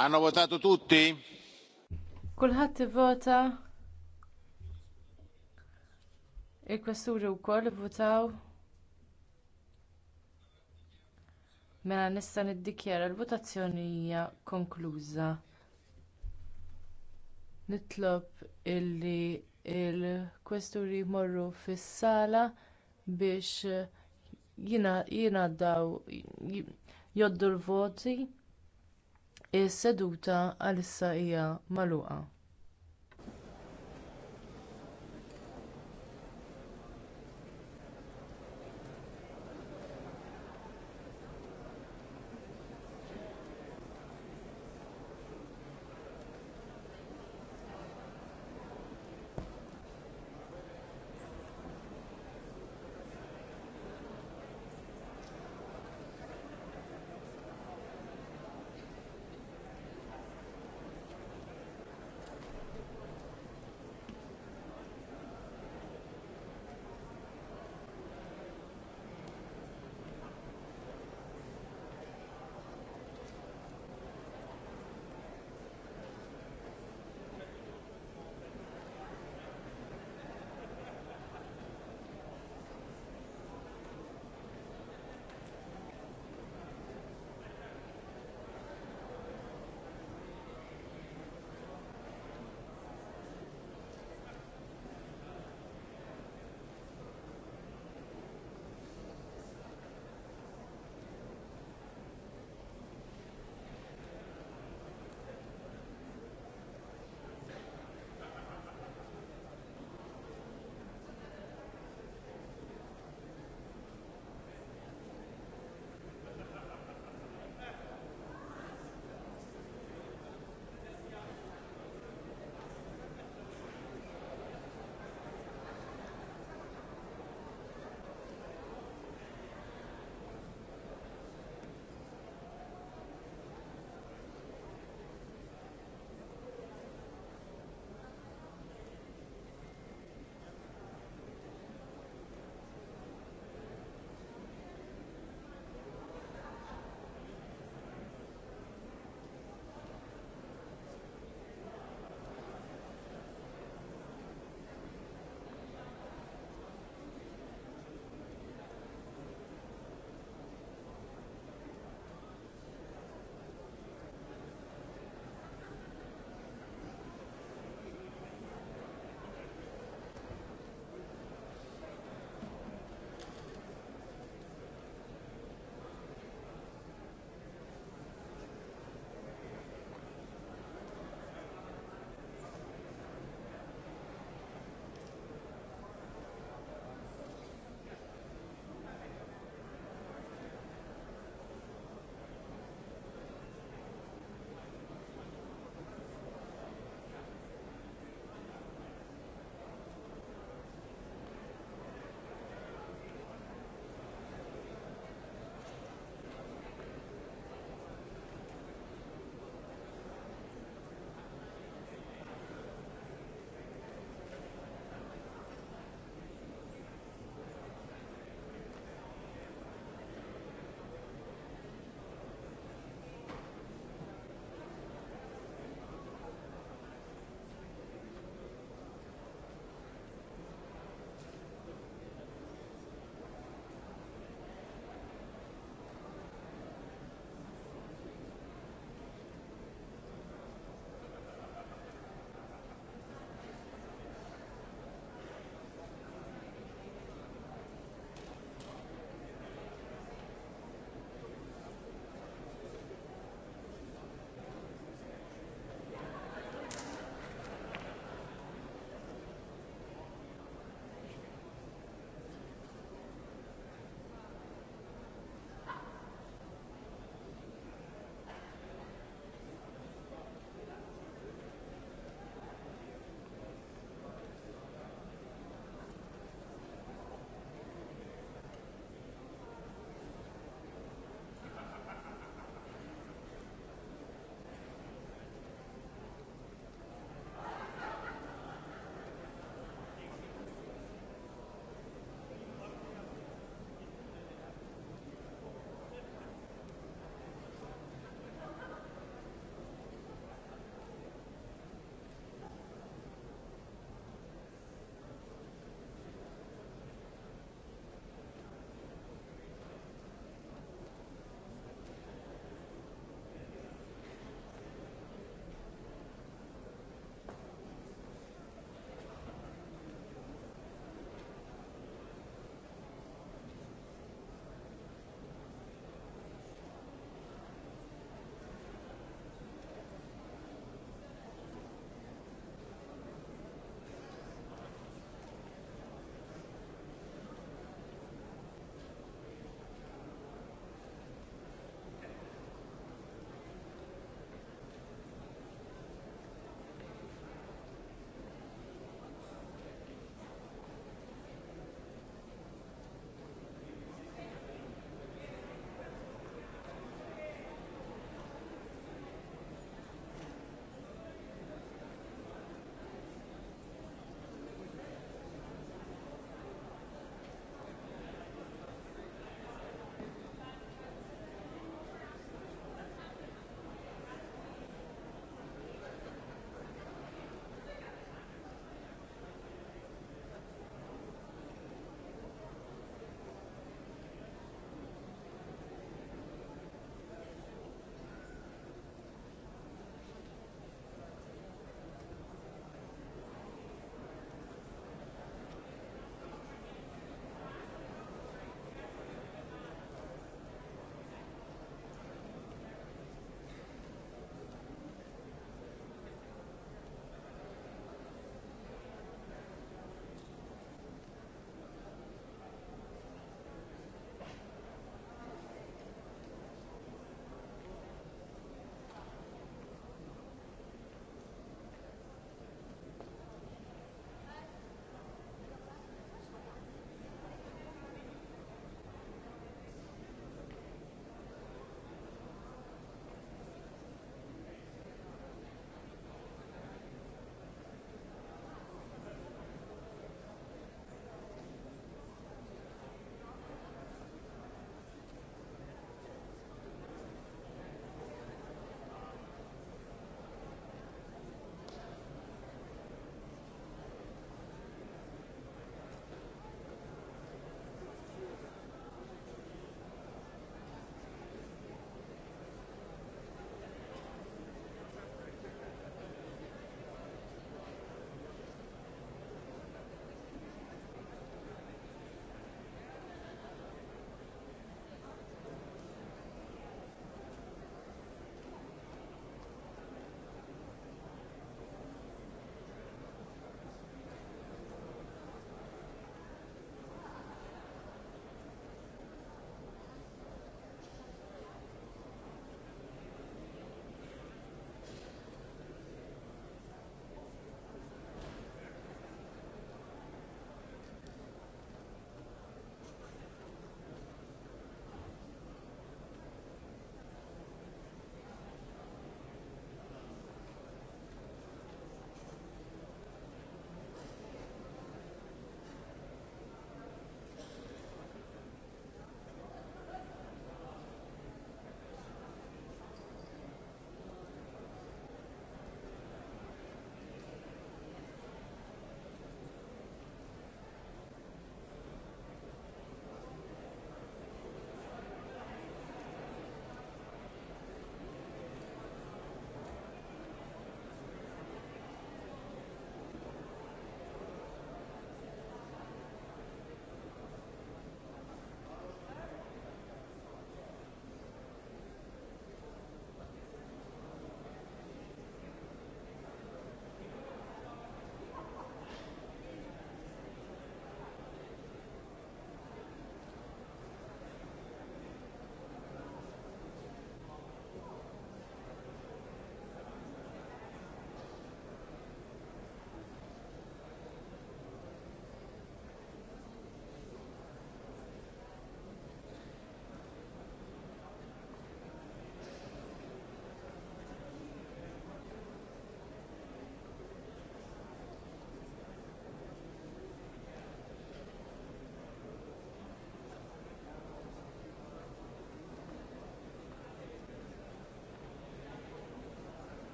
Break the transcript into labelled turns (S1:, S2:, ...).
S1: Hanno votato tutti?
S2: Kulħadd ivvota. Il-kwesturi wkoll ivvutaw.
S3: Mela nista' niddikjara l-votazzjoni hija konkluża. Nitlob illi il-kwesturi jmorru fis-sala biex jingħaddew jgħoddu l-voti is-seduta għalissa hija magħluqa